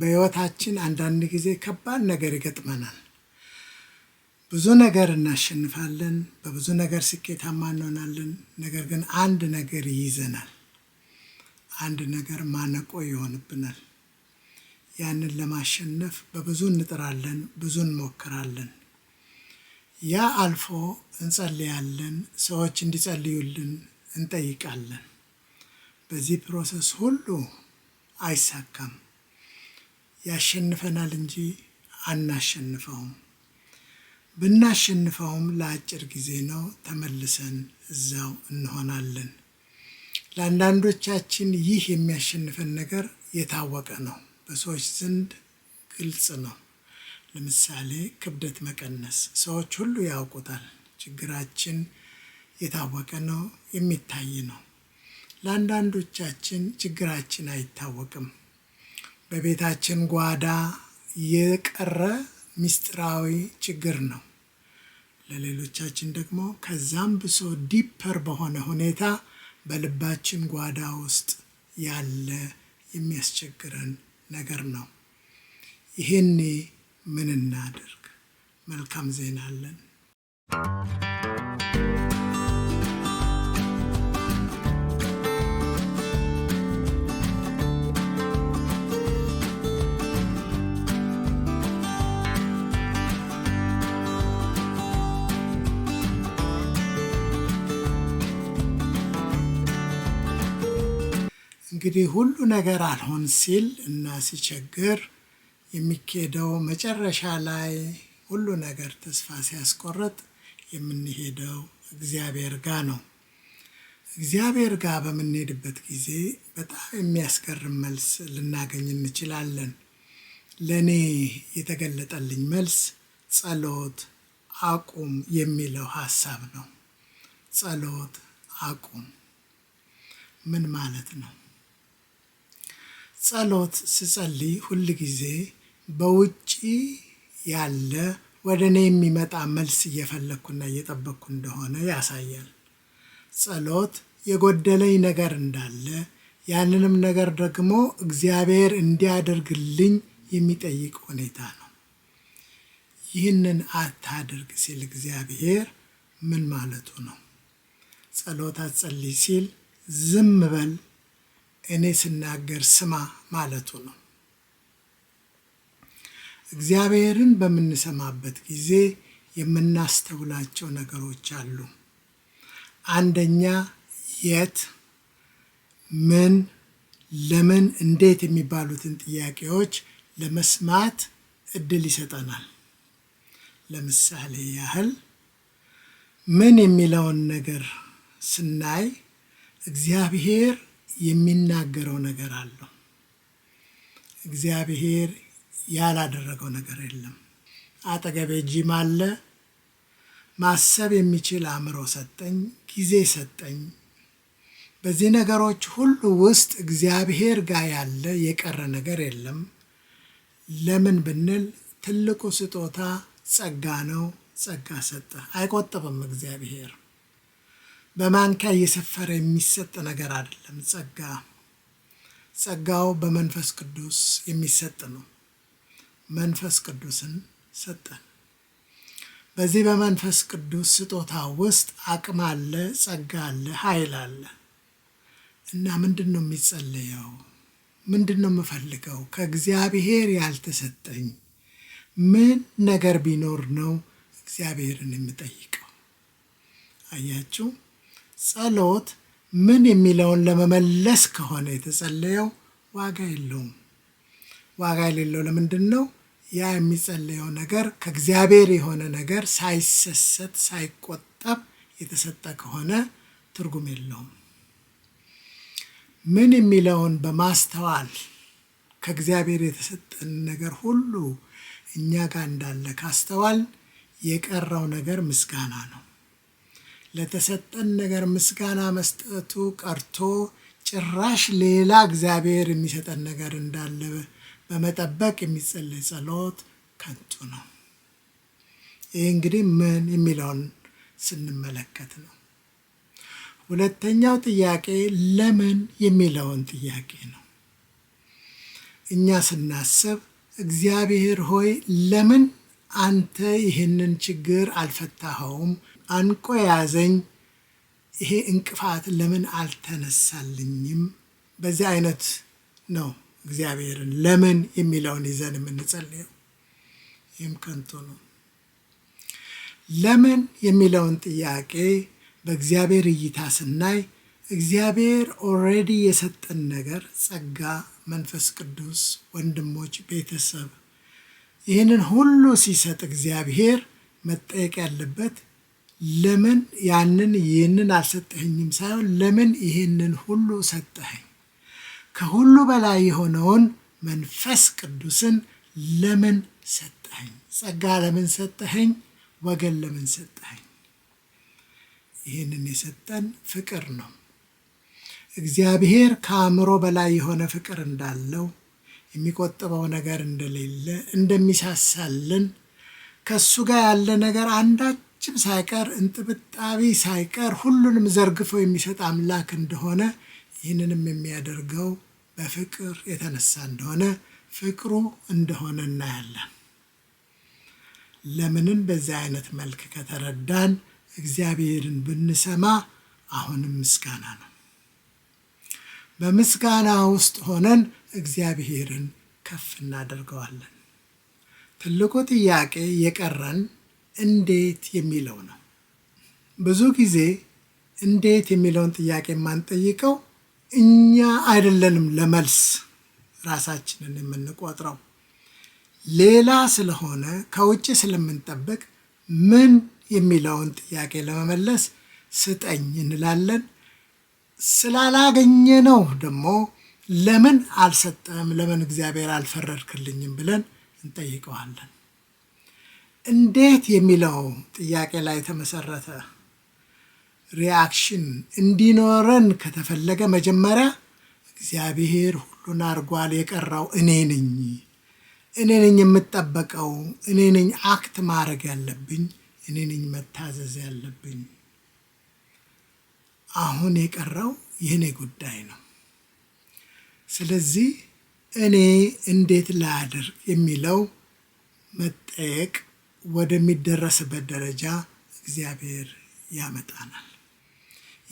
በሕይወታችን አንዳንድ ጊዜ ከባድ ነገር ይገጥመናል። ብዙ ነገር እናሸንፋለን፣ በብዙ ነገር ስኬታማ እንሆናለን። ነገር ግን አንድ ነገር ይይዘናል፣ አንድ ነገር ማነቆ ይሆንብናል። ያንን ለማሸነፍ በብዙ እንጥራለን፣ ብዙ እንሞክራለን። ያ አልፎ እንጸልያለን፣ ሰዎች እንዲጸልዩልን እንጠይቃለን። በዚህ ፕሮሰስ ሁሉ አይሳካም። ያሸንፈናል እንጂ አናሸንፈውም። ብናሸንፈውም ለአጭር ጊዜ ነው፣ ተመልሰን እዛው እንሆናለን። ለአንዳንዶቻችን ይህ የሚያሸንፈን ነገር የታወቀ ነው፣ በሰዎች ዘንድ ግልጽ ነው። ለምሳሌ ክብደት መቀነስ ሰዎች ሁሉ ያውቁታል። ችግራችን የታወቀ ነው፣ የሚታይ ነው። ለአንዳንዶቻችን ችግራችን አይታወቅም። በቤታችን ጓዳ የቀረ ምስጢራዊ ችግር ነው። ለሌሎቻችን ደግሞ ከዛም ብሶ ዲፐር በሆነ ሁኔታ በልባችን ጓዳ ውስጥ ያለ የሚያስቸግረን ነገር ነው። ይህኔ ምን እናድርግ? መልካም ዜና አለን። እንግዲህ ሁሉ ነገር አልሆን ሲል እና ሲቸግር የሚኬደው መጨረሻ ላይ ሁሉ ነገር ተስፋ ሲያስቆርጥ የምንሄደው እግዚአብሔር ጋ ነው። እግዚአብሔር ጋር በምንሄድበት ጊዜ በጣም የሚያስገርም መልስ ልናገኝ እንችላለን። ለእኔ የተገለጠልኝ መልስ ጸሎት አቁም የሚለው ሀሳብ ነው። ጸሎት አቁም ምን ማለት ነው? ጸሎት ስጸልይ ሁል ጊዜ በውጪ ያለ ወደ እኔ የሚመጣ መልስ እየፈለግኩና እየጠበቅኩ እንደሆነ ያሳያል። ጸሎት የጎደለኝ ነገር እንዳለ ያንንም ነገር ደግሞ እግዚአብሔር እንዲያደርግልኝ የሚጠይቅ ሁኔታ ነው። ይህንን አታድርግ ሲል እግዚአብሔር ምን ማለቱ ነው? ጸሎት አትጸልይ ሲል ዝም በል እኔ ስናገር ስማ ማለቱ ነው። እግዚአብሔርን በምንሰማበት ጊዜ የምናስተውላቸው ነገሮች አሉ። አንደኛ የት፣ ምን፣ ለምን፣ እንዴት የሚባሉትን ጥያቄዎች ለመስማት እድል ይሰጠናል። ለምሳሌ ያህል ምን የሚለውን ነገር ስናይ እግዚአብሔር የሚናገረው ነገር አለው። እግዚአብሔር ያላደረገው ነገር የለም። አጠገቤ ጂም አለ። ማሰብ የሚችል አእምሮ ሰጠኝ፣ ጊዜ ሰጠኝ። በዚህ ነገሮች ሁሉ ውስጥ እግዚአብሔር ጋር ያለ የቀረ ነገር የለም። ለምን ብንል ትልቁ ስጦታ ጸጋ ነው። ጸጋ ሰጠ። አይቆጥብም እግዚአብሔር በማንኪያ እየሰፈረ የሚሰጥ ነገር አይደለም። ጸጋ ጸጋው በመንፈስ ቅዱስ የሚሰጥ ነው። መንፈስ ቅዱስን ሰጠን። በዚህ በመንፈስ ቅዱስ ስጦታ ውስጥ አቅም አለ፣ ጸጋ አለ፣ ኃይል አለ እና ምንድን ነው የሚጸለየው? ምንድን ነው የምፈልገው? ከእግዚአብሔር ያልተሰጠኝ ምን ነገር ቢኖር ነው እግዚአብሔርን የምጠይቀው? አያችሁ። ጸሎት ምን የሚለውን ለመመለስ ከሆነ የተጸለየው ዋጋ የለውም። ዋጋ የሌለው ለምንድን ነው? ያ የሚጸለየው ነገር ከእግዚአብሔር የሆነ ነገር ሳይሰሰት ሳይቆጠብ የተሰጠ ከሆነ ትርጉም የለውም። ምን የሚለውን በማስተዋል ከእግዚአብሔር የተሰጠን ነገር ሁሉ እኛ ጋር እንዳለ ካስተዋል የቀረው ነገር ምስጋና ነው። ለተሰጠን ነገር ምስጋና መስጠቱ ቀርቶ ጭራሽ ሌላ እግዚአብሔር የሚሰጠን ነገር እንዳለ በመጠበቅ የሚጸለይ ጸሎት ከንቱ ነው። ይህ እንግዲህ ምን የሚለውን ስንመለከት ነው። ሁለተኛው ጥያቄ ለምን የሚለውን ጥያቄ ነው። እኛ ስናስብ እግዚአብሔር ሆይ ለምን አንተ ይህንን ችግር አልፈታኸውም አንቆ የያዘኝ ይሄ እንቅፋት ለምን አልተነሳልኝም? በዚህ አይነት ነው እግዚአብሔርን ለምን የሚለውን ይዘን የምንጸልየው። ይህም ከንቱ ነው። ለምን የሚለውን ጥያቄ በእግዚአብሔር እይታ ስናይ እግዚአብሔር ኦልሬዲ የሰጠን ነገር ጸጋ፣ መንፈስ ቅዱስ፣ ወንድሞች፣ ቤተሰብ ይህንን ሁሉ ሲሰጥ እግዚአብሔር መጠየቅ ያለበት ለምን ያንን ይህንን አልሰጠኸኝም ሳይሆን ለምን ይህንን ሁሉ ሰጠኸኝ? ከሁሉ በላይ የሆነውን መንፈስ ቅዱስን ለምን ሰጠኸኝ? ጸጋ ለምን ሰጠኸኝ? ወገን ለምን ሰጠኸኝ? ይህንን የሰጠን ፍቅር ነው። እግዚአብሔር ከአእምሮ በላይ የሆነ ፍቅር እንዳለው የሚቆጥበው ነገር እንደሌለ እንደሚሳሳልን ከእሱ ጋር ያለ ነገር አንዳች ፍንጭም ሳይቀር እንጥብጣቢ ሳይቀር ሁሉንም ዘርግፎ የሚሰጥ አምላክ እንደሆነ ይህንንም የሚያደርገው በፍቅር የተነሳ እንደሆነ ፍቅሩ እንደሆነ እናያለን። ለምንም በዚህ አይነት መልክ ከተረዳን እግዚአብሔርን ብንሰማ አሁንም ምስጋና ነው። በምስጋና ውስጥ ሆነን እግዚአብሔርን ከፍ እናደርገዋለን። ትልቁ ጥያቄ የቀረን እንዴት የሚለው ነው። ብዙ ጊዜ እንዴት የሚለውን ጥያቄ የማንጠይቀው እኛ አይደለንም ለመልስ ራሳችንን የምንቆጥረው ሌላ ስለሆነ ከውጭ ስለምንጠብቅ ምን የሚለውን ጥያቄ ለመመለስ ስጠኝ እንላለን። ስላላገኘ ነው ደግሞ ለምን አልሰጠም፣ ለምን እግዚአብሔር አልፈረድክልኝም ብለን እንጠይቀዋለን። እንዴት የሚለው ጥያቄ ላይ የተመሰረተ ሪያክሽን እንዲኖረን ከተፈለገ መጀመሪያ እግዚአብሔር ሁሉን አድርጓል፣ የቀረው እኔ ነኝ፣ እኔ ነኝ የምጠበቀው፣ እኔ ነኝ አክት ማድረግ ያለብኝ፣ እኔ ነኝ መታዘዝ ያለብኝ። አሁን የቀረው የእኔ ጉዳይ ነው። ስለዚህ እኔ እንዴት ላድርግ የሚለው መጠየቅ ወደሚደረስበት ደረጃ እግዚአብሔር ያመጣናል።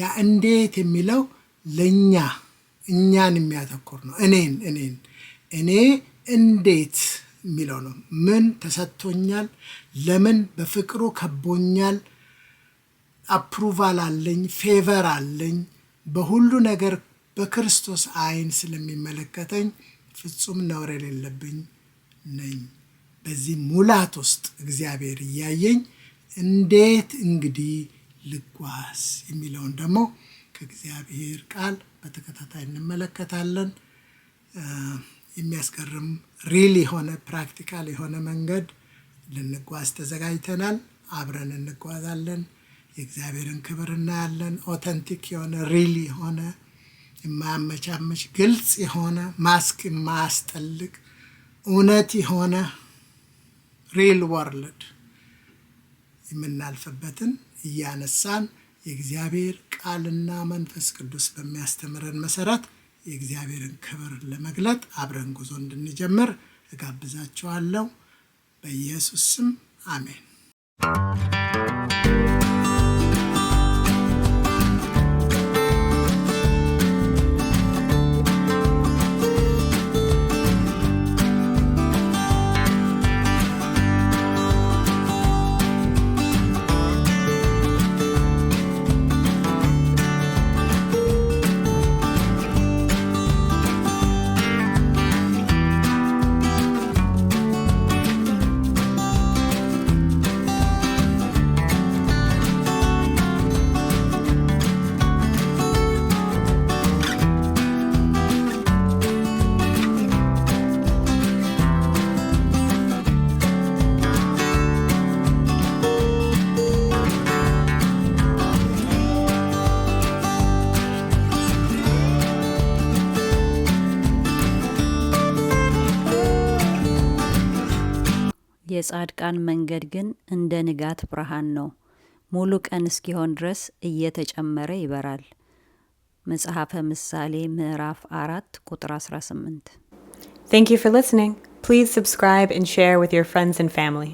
ያ እንዴት የሚለው ለእኛ እኛን የሚያተኩር ነው። እኔን እኔን እኔ እንዴት የሚለው ነው። ምን ተሰጥቶኛል? ለምን በፍቅሩ ከቦኛል? አፕሩቫል አለኝ፣ ፌቨር አለኝ። በሁሉ ነገር በክርስቶስ አይን ስለሚመለከተኝ ፍጹም ነውር የሌለብኝ ነኝ። በዚህ ሙላት ውስጥ እግዚአብሔር እያየኝ እንዴት እንግዲህ ልጓዝ የሚለውን ደግሞ ከእግዚአብሔር ቃል በተከታታይ እንመለከታለን። የሚያስገርም ሪል የሆነ ፕራክቲካል የሆነ መንገድ ልንጓዝ ተዘጋጅተናል። አብረን እንጓዛለን። የእግዚአብሔርን ክብር እናያለን። ኦተንቲክ የሆነ ሪል የሆነ የማያመቻመች ግልጽ የሆነ ማስክ የማያስጠልቅ እውነት የሆነ ሪል ወርልድ የምናልፍበትን እያነሳን የእግዚአብሔር ቃልና መንፈስ ቅዱስ በሚያስተምረን መሰረት የእግዚአብሔርን ክብር ለመግለጥ አብረን ጉዞ እንድንጀምር እጋብዛችኋለሁ። በኢየሱስ ስም አሜን። የጻድቃን መንገድ ግን እንደ ንጋት ብርሃን ነው፣ ሙሉ ቀን እስኪሆን ድረስ እየተጨመረ ይበራል። መጽሐፈ ምሳሌ ምዕራፍ አራት ቁጥር 18። Thank you for listening. Please subscribe and share with your friends and family.